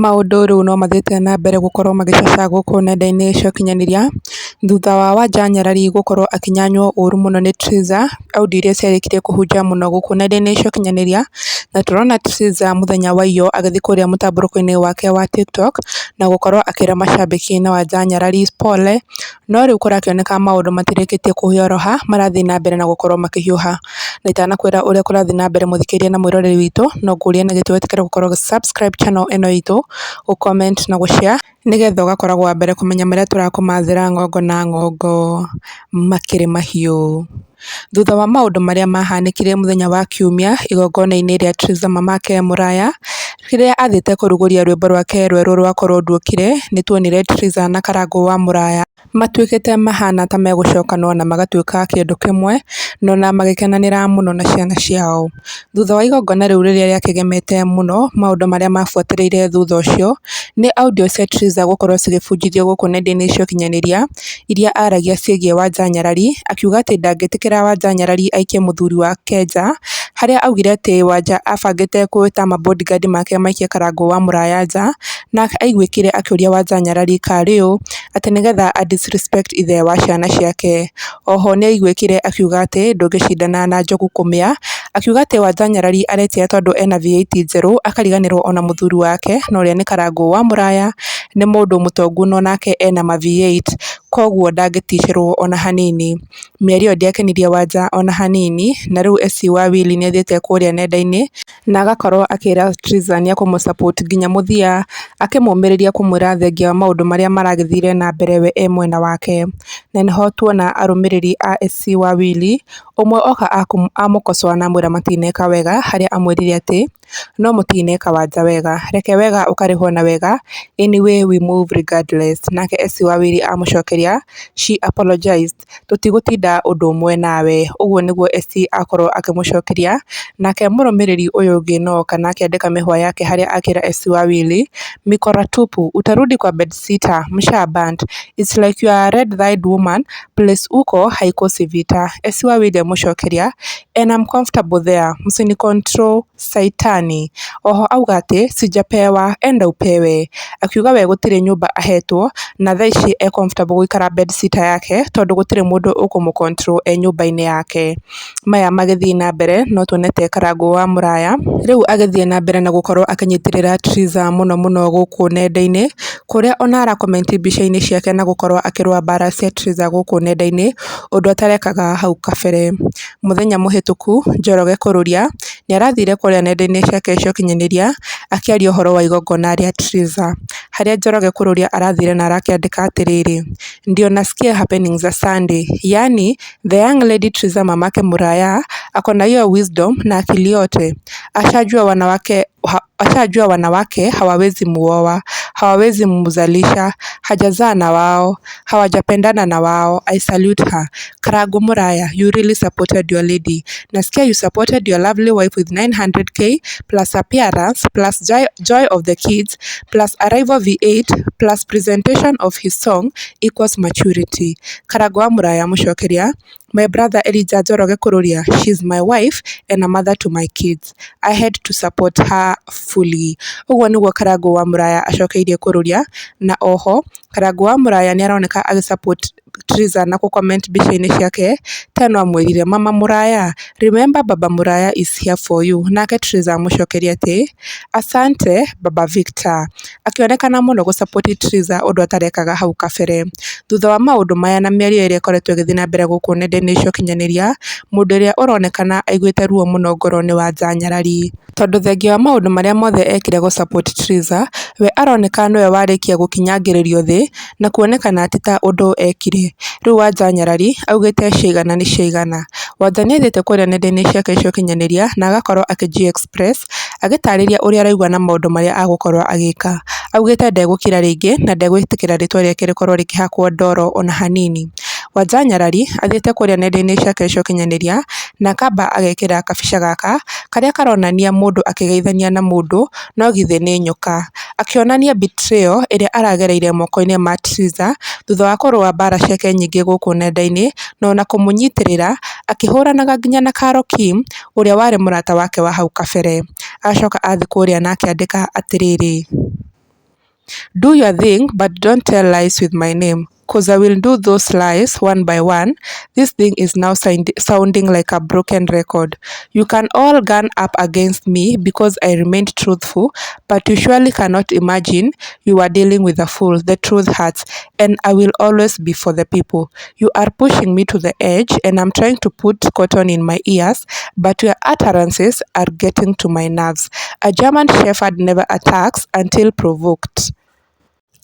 Maũndũ rĩu no mathiĩte na mbere gũkorwo magĩcacagwo kũu nenda-inĩ cia ũkinyanĩria Thutha wa Wanjanyarari gũkorwo akĩnyanywo ũru mũno nĩ Triza audio iria ciarĩkirie kũhunja mũno gũkũ nenda-inĩ icokinyanĩria na tũrona Triza mũthenya wa iyo agĩthiĩ kũrĩa mũtambũrũko-inĩ wake wa TikTok na gũkorwo akĩĩra mashabiki na Wanjanyarari pole no rĩu kũrakĩoneka maũndũ matirĩkĩtie kũhioroha marathiĩ na mbere na gũkorwo makĩhiũha. Na itanakwĩra ũrĩa kũrathiĩ na mbere mũthikĩria na mwĩroreri witũ no ngũria na gĩtĩ wĩtĩkĩre gũkorwo subscribe channel ĩno itũ, gũ na gũ share nĩgetha ũgakoragwo wa mbere kũmenya marĩa tũrakũmathĩra ng'ongo na na ng'ongo makĩrĩ mahiũ. Thutha wa maũndũ marĩa mahanĩkire mũthenya wa Kiumia igongona-inĩ rĩa Tresa Mamake Mũraya rĩrĩa athiĩte kũrugũria rwĩmbo rwake rwerũ rwakorwo Korwo Ndũkire nĩtuonire Triza na Karangũ wa Muraya matuĩkĩte mahana ta megũcokanwo na magatuĩka kĩndũ kĩmwe no na magĩkenanĩra mũno na ciana ciao. Thutha wa igongona rĩu rĩrĩa rĩakegemete mũno maũndũ marĩa mabuatĩrĩire thutha ũcio nĩ audio sets za gũkorwo cigĩbunjithio gũkũ nenda-inĩ cia ũkinyanĩria iria aragia ciĩgiĩ Wanja Nyarari akiuga atĩ ndangĩtĩkĩra Wanja Nyarari aikie mũthuri wake nja harĩa augire atĩ Wanja abangĩte kũĩta ma bodyguard make maikie Karangũ wa Mũraya nja na aiguĩkire akĩũria Wanja "nyarari karĩ ũ" atĩ nĩgetha a disrespect ithe wa ciana ciake. Oho nĩaiguĩkire akiuga atĩ ndũngĩcindana na Njogu kũmĩa, akiuga atĩ Wanja Nyarari aretia tondũ ena VAT njerũ akariganĩrwo ona mũthuri wake na ũrĩa nĩ Karangũ wa Mũraya nĩ mũndũ mũtongu no nake ena ma V8 koguo ndangĩticĩrwo ona hanini. Mĩario ĩyo ndĩakenirie Wanja ona hanini na rĩu SC wa Wili nĩathiĩte kũrĩa nenda-inĩ na agakorwo akĩĩra Striza nĩekũmũ support nginya mũthia akĩmũmĩrĩria kũmwĩra thengia wa maũndũ marĩa maragĩthire na mbere we e mwena wake. Na nĩho tuona arũmĩrĩri a SC wa Wili ũmwe oka amũkosoa na amwĩra matineka wega harĩa amwĩrire atĩ no mũtineka Wanja wega, reke wega ũkarĩhwo na wega anyway we move regardless nake SC wa Wili amũcokeria Australia, she apologized tũtigũtinda ũndũ ũmwe nawe ũguo nĩguo ST akorwo akĩmũcokeria nake mũrũmĩrĩri ũyũ ũngĩ no kana akĩandĩka mĩhwa yake harĩa akĩra SC Wawili mikora tupu utarudi kwa bedsitter mshahband its like you are a red-eyed woman place uko haikosi vita SC Wawili amũcokeria and I'm comfortable there msini msinicontrol saitani oho auga atĩ sijapewa enda upewe akiuga we gũtirĩ nyũmba ahetwo na thaa ici e comfortable gũikara bedsitter yake tondũ gũtirĩ mũndũ ũkũmũ control e nyũmba-inĩ yake. Maya magĩthiĩ na mbere no tuone ta Karangũ wa Mũraya rĩu agĩthiĩ na mbere na gũkorwo akĩnyitĩrĩra Triza mũno mũno gũkũ nenda-inĩ, kũrĩa ona comment mbica-inĩ ciake na gũkorwo akĩrũa mbara cia Triza gũkũ nenda-inĩ, ũndũ atarekaga hau kabere. Mũthenya mũhĩtũku Njoroge Kũrũria arathire kũrĩa nenda-inĩ ciake cia ũkinyanĩria akĩaria ũhoro wa igongona rĩa Triza harĩa Njoroge Kururia arathire na arakĩandĩka atĩrĩrĩ "Ndio nasikia happening za Sunday yani the young lady Trisa mamake Muraya akona hiyo wisdom na akili yote. Ashajua wanawake ashajua wanawake hawawezi muoa, hawawezi muzalisha, hajazaa na wao, hawajapendana na wao. I salute her. Karago Muraya, you really supported your lady. Nasikia you supported your lovely wife with 900k plus appearance plus joy, joy of the kids plus arrival V8 plus presentation of his song equals maturity. Karago Muraya mushokeria My brother Elijah Njoroge Kururia, she's my wife and a mother to my kids. I had to support her fully. Uguo niguo Karangũ wa Muraya acokeirie Kururia na oho Karangũ wa Muraya agi support Triza na comment mbica-inĩ ciake, Tano amwirire "Mama Muraya remember baba Muraya is here for you" nake Triza amũcokerie atĩ "Asante baba Victor" akĩonekana mũno support Triza ũndũ atarekaga hau kabere. Thutha wa maundu maya na mieri ĩrĩa ĩkoretwo ĩgĩthiĩ na mbere guku nenda-inĩ cia ũkinyanĩria, mũndũ ũrĩa ũronekana aiguĩte ruo muno ngoro-inĩ wa Njanyarari, tondu thengia wa maundu maria mothe ekire support Triza, we aroneka nĩwe warikia gũkinyangĩrĩrio thi na kuonekana ti ta ũndũ ekire. Rĩu Wanja Nyarari augĩte ciĩgana nĩ ciaigana. Wanja nĩendete kwaria nenda-inĩ ciake cia ũkinyanĩria na agakorwo akĩ-G-Express agĩtarĩria ũrĩa araigua na maũndũ marĩa agũkorwo agĩka. Augĩte ndegũkira rĩngĩ na ndegwĩtĩkĩra rĩtwa rĩake rĩkorwo rĩkĩhakwo ndoro ona hanini. Wanja Nyarari athiĩte kwaria nenda-inĩ ciake cia ũkinyanĩria na akamba agekĩra kabica gaka karĩa karonania mũndũ akĩgeithania na mũndũ, no githĩ nĩ nyoka. Akĩonania betrayal ĩrĩa aragereire moko-inĩ ma thutha thutha wa kũrũa mbara ciake nyingĩ gũkũ nenda-inĩ na ona kũmũnyitĩrĩra akĩhũranaga nginya na Carol Kim ũrĩa warĩ mũrata wake wa hau kabere. Acoka athiĩ kũrĩa na akĩandĩka atĩrĩrĩ, "Do your thing but don't tell lies with my name." Cause I will do those lies one by one. This thing is now sounding like a broken record. You can all gun up against me because I remained truthful, but you surely cannot imagine you are dealing with a fool. The truth hurts, and I will always be for the people. You are pushing me to the edge, and I'm trying to put cotton in my ears, but your utterances are getting to my nerves. A German Shepherd never attacks until provoked.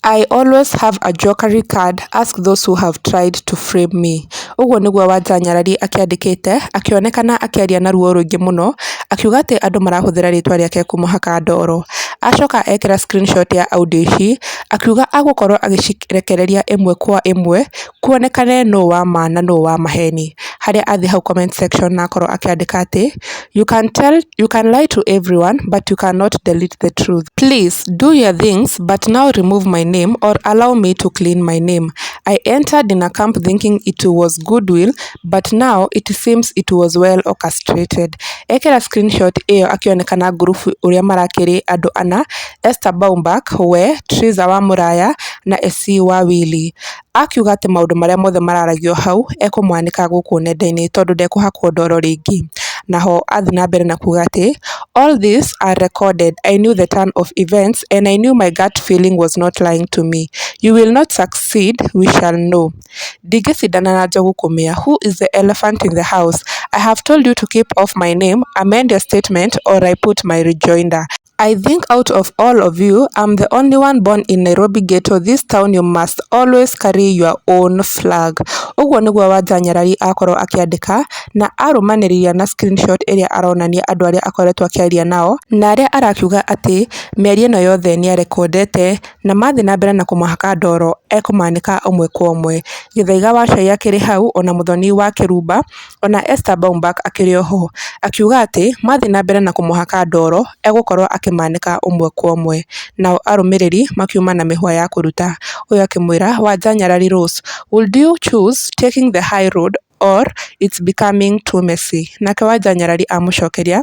I always have a jokery card ask those who have tried to frame me ũguo nĩguo Wanjanyarari akĩandĩkĩte akĩonekana akĩaria na ruo rũingĩ mũno akiuga atĩ andũ marahũthĩra rĩtwa rĩake kũmũhaka ndoro Acoka ekĩra screenshot ya audio ici akiuga agũkorwo agĩcirekereria ĩmwe kwa ĩmwe kuonekane nũũ wa ma na wa maheni harĩa athiĩ hau comment section na akorwo akĩandĩka atĩ you can tell you can lie to everyone but you cannot delete the truth please do your things but now remove my name or allow me to clean my name I entered camp thinking it was goodwill but now it seems it was well orchestrated. Ekĩra screenshot ĩyo akĩonekana ngurubu ũrĩa marakĩrĩ andũ ana Esther Baumbach, we, Triza wa Muraya na SC wa Wili. Akiuga atĩ maũndũ marĩa mothe mararagio hau ekũmwanĩka gũkũ nenda-inĩ tondũ ndekũhakwo ndoro rĩngĩ naho athi na mbere na kuga ati all this are recorded I knew the turn of events and I knew my gut feeling was not lying to me you will not succeed we shall know sidana na Njogu kumia who is the elephant in the house I have told you to keep off my name amend your statement or I put my rejoinder I think out of all of you, I'm the only one born in Nairobi ghetto. This town you must always carry your own flag. Ũguo nĩguo Wanja Nyarari akorwo akĩandĩka na arũmanĩrĩria na screenshot ĩrĩa aronania andũ arĩa akoretwo akĩaria nao na arĩa arakiuga atĩ mĩario ĩno yothe nĩarekondete na mathiĩ na mbere na kũmũhaka ndoro ekũmanĩka ũmwe kwa ũmwe. Gĩthaiga Wachai akĩrĩ hau ona Muthoni wa Kĩrumba ona Esther Baumbak akĩrĩ oho, akiuga atĩ mathiĩ na mbere na kũmũhaka ndoro egũkorwo akĩmaanĩka ũmwe kwa ũmwe. Nao arũmĩrĩri makiuma na mĩhũa ya kũruta. Ũyũ akĩmwĩra Wanjang'ari Rose, "Would you choose taking the high road or it's becoming too messy?" Nake Wanjang'ari amũcokeria,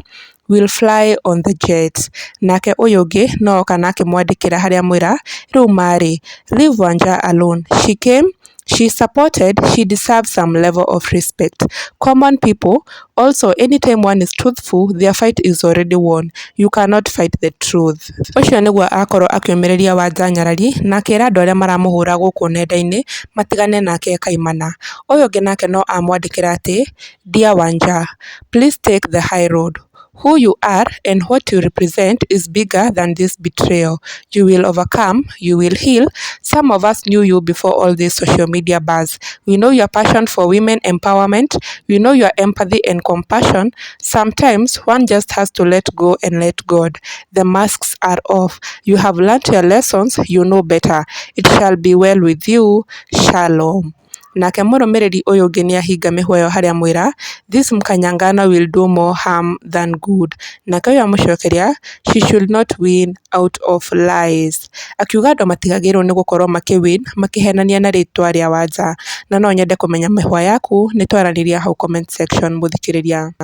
"We'll fly on the jet." Nake ũyũ ũngĩ no oka na akĩmwandĩkĩra harĩa amwĩra, "Rĩu marĩ, leave Wanja alone. She came She supported, she deserves some level of respect. Common people, also anytime one is truthful, their fight is already won. You cannot fight the truth. Ucio nĩguo akorwo akĩũmĩrĩria wa Njanyarari na akĩra andũ arĩa maramũhũra guku nenda-inĩ matigane nake Kaimana. Ũyũ ũngĩ nake no amwandĩkĩra ati Dear Wanja, please take the high road. Who you are and what you represent is bigger than this betrayal. You will overcome, you will heal. Some of us knew you before all this social media buzz. We know your passion for women empowerment. We know your empathy and compassion. Sometimes one just has to let go and let God. The masks are off. You have learnt your lessons, you know better. It shall be well with you. Shalom. Nake mũrũmĩrĩri ũyũ ũngĩ nĩahinga mĩhũyũ harĩa amwĩra "This Mkanyagana will do more harm than good" nake ũyũ amũcokeria "She should not win out of lies" akiuga andũ matigagĩrĩrwo nĩ gũkorwo makĩ win makĩhenania na rĩtwa rĩa wanja, na no nyende kũmenya mĩhwa yaku nĩ twaranĩrie hau comment section mũthikĩrĩria